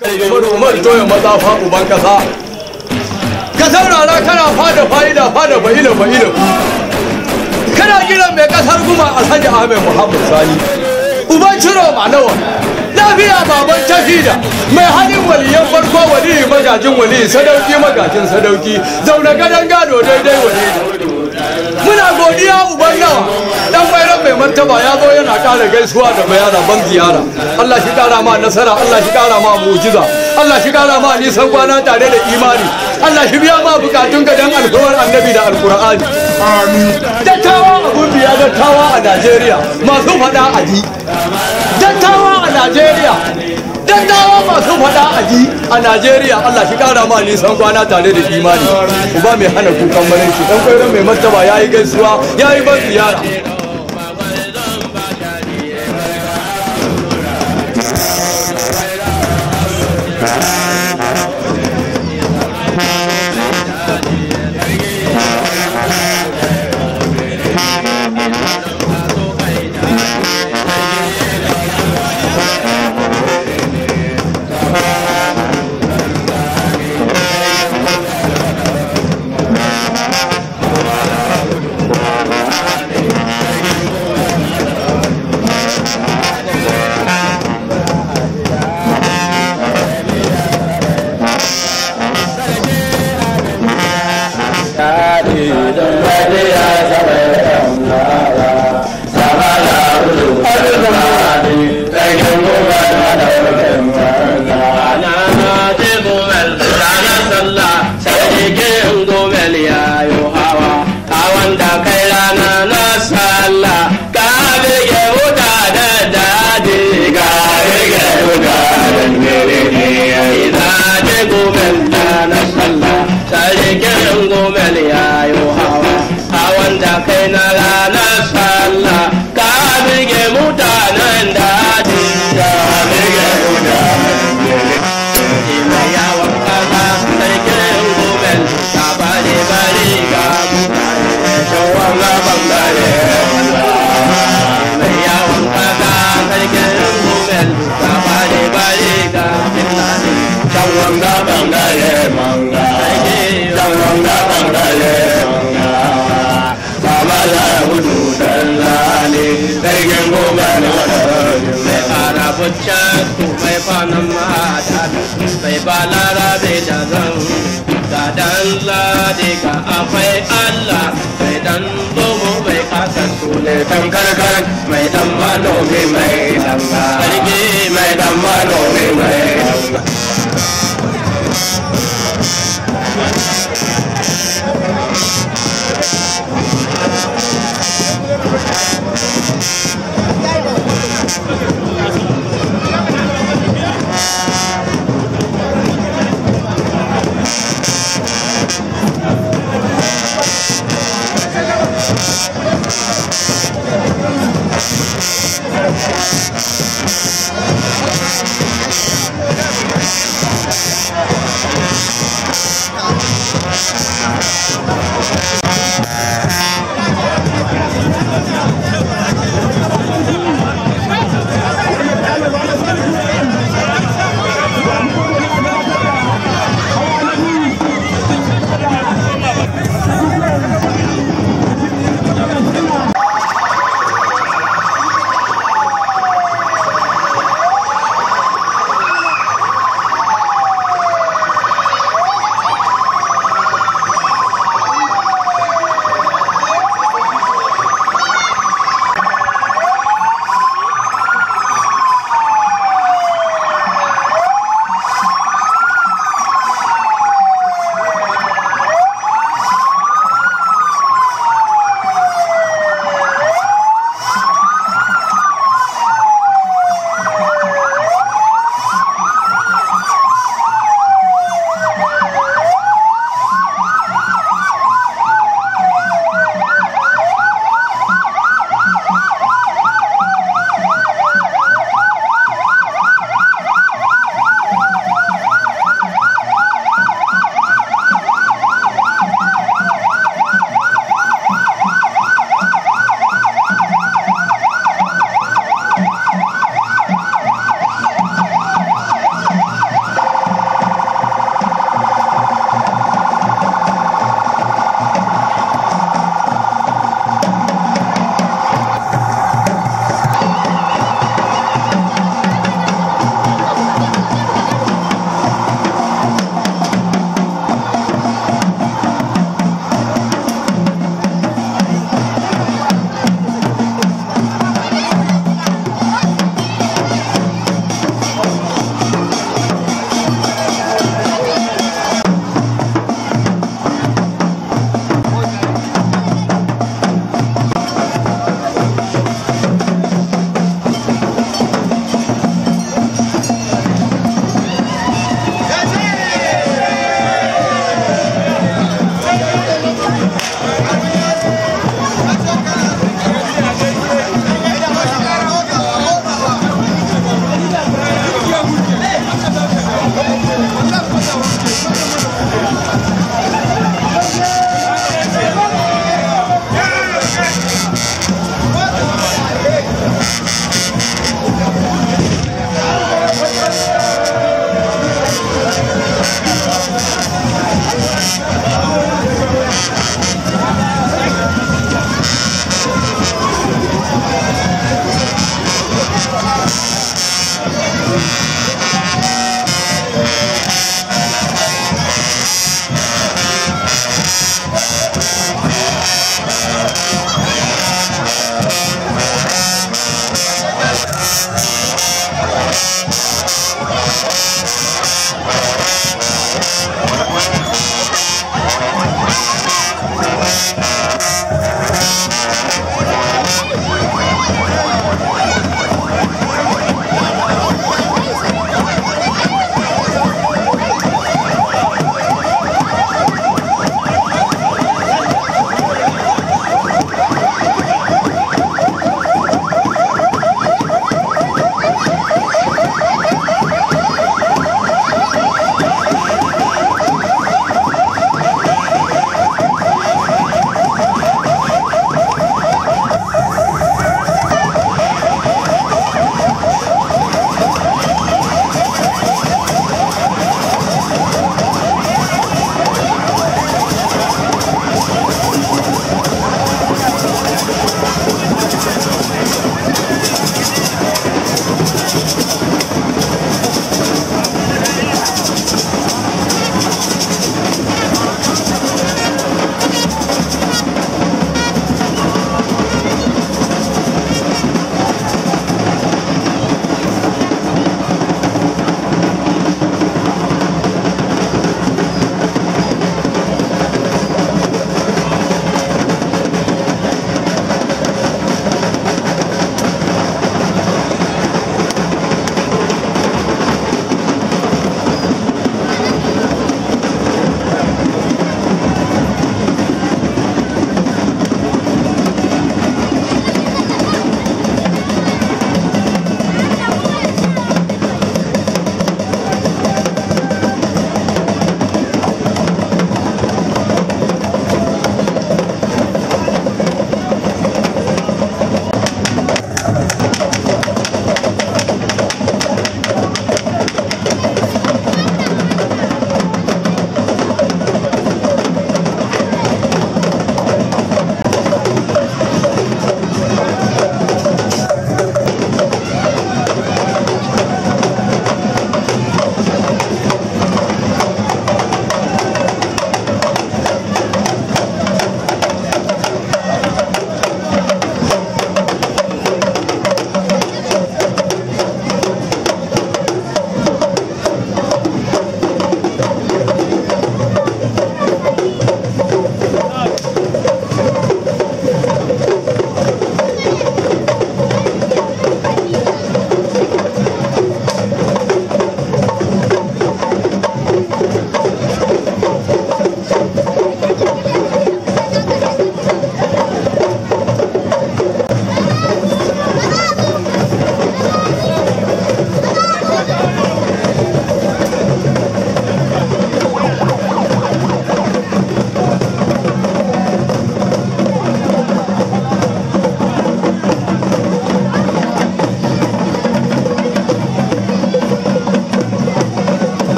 kai da umar toyin maza fa uban kasa ka saurara kana fada fa'ida fada faida fa'ila kana kiran mai kasar guma alhaji ahmed muhammad sani uban ciro ma nawa lafiya baban tafida mai halin waliyan farko wali magajin wali sadauki magajin sadauki zaune gadon gado daidai wali muna godiya uban nawa dan bairan mai martaba ya zo yana kara gaisuwa da bayana ban ziyara Allah shi kara ma nasara Allah shi kara ma mu'jiza Allah shi kara ma nisan kwana tare da imani Allah shi biya ma bukatun ka dan alkawar annabi da alkur'ani amin dattawa abun biya dattawa a Najeriya masu fada aji dattawa a najeriya dattawa masu faɗa a ji a najeriya allah shi kara ma nisan kwana tare da imani uba mai hana kukan shi dan kwairo mai martaba ya yi gaisuwa ya yi ban ziyara dan ladika akwai Allah mai dan zomo mai kasan tule dan mai dan mai dan mai dan mai dan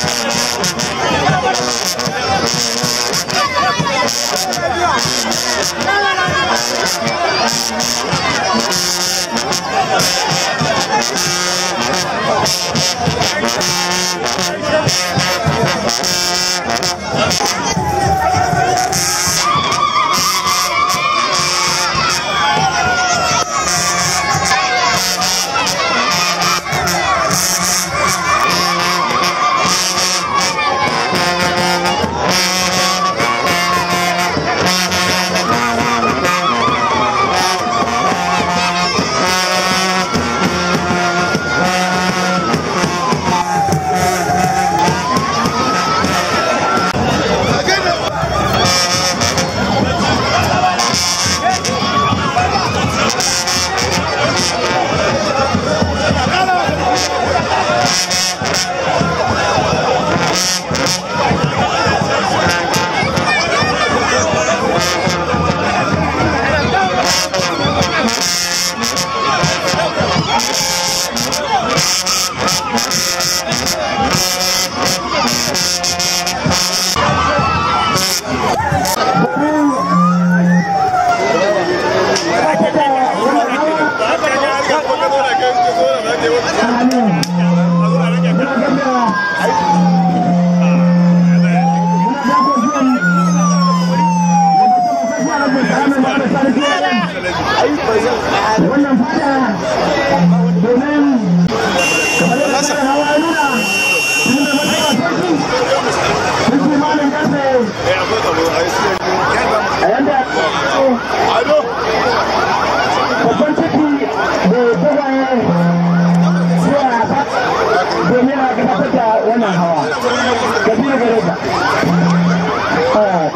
Thank you.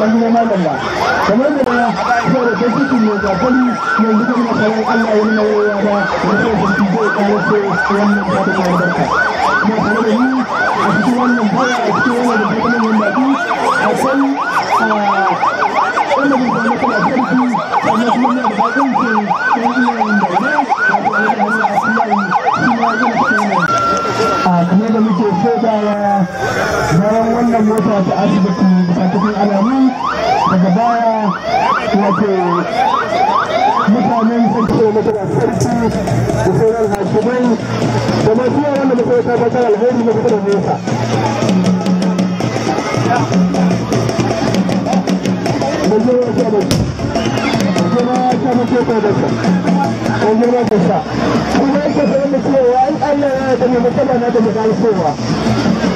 kwallo magalla kamar da ya zo da ta mai zafali yanzu kuma sauran allah ya nuna yawa da da ta ciki zai kawo wannan ta da kuma da a cikin wannan baya a cikin wannan da kuma yin baki a san wannan da kuma kuma kuma da wato mutanen sarki matsalar sarki da sauran hakimai da masu yawa wanda muka ta bakar alheri na fitar nesa kuma yake da wanda cewa an ayyana da mai matsala na da mai cewa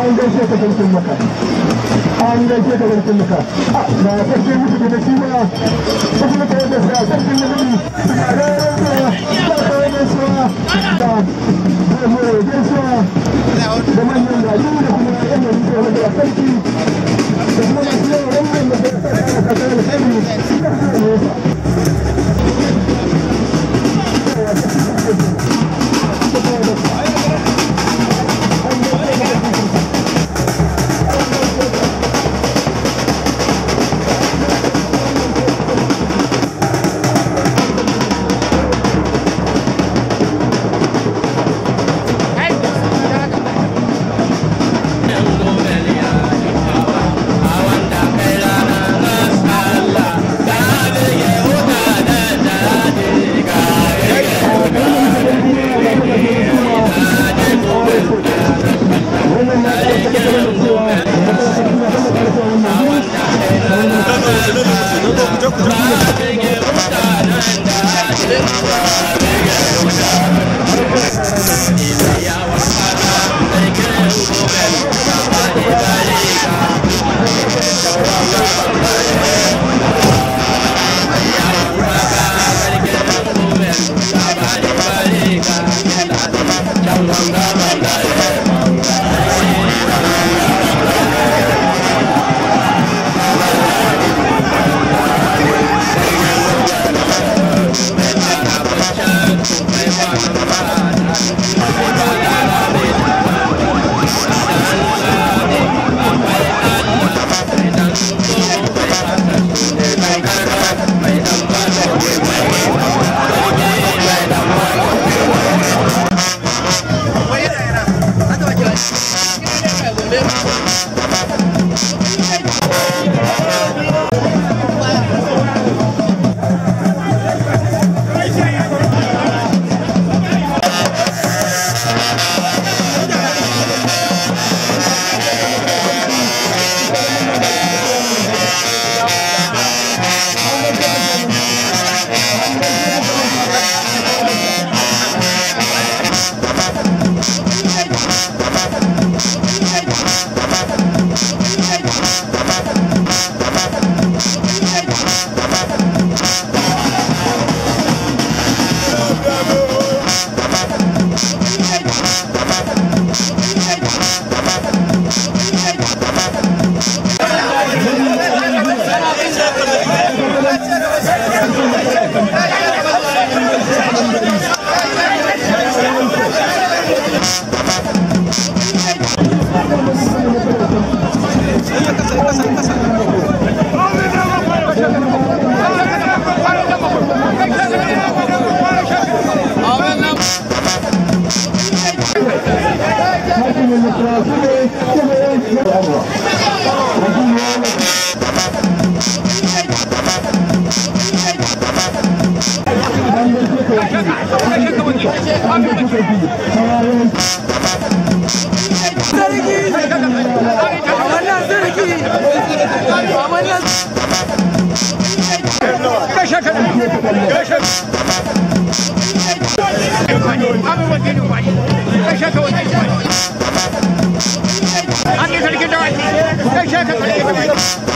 an gaishe ka sarkin maka an gaishe ka sarkin maka ka da manyan sarki I'm a 早く取り上げ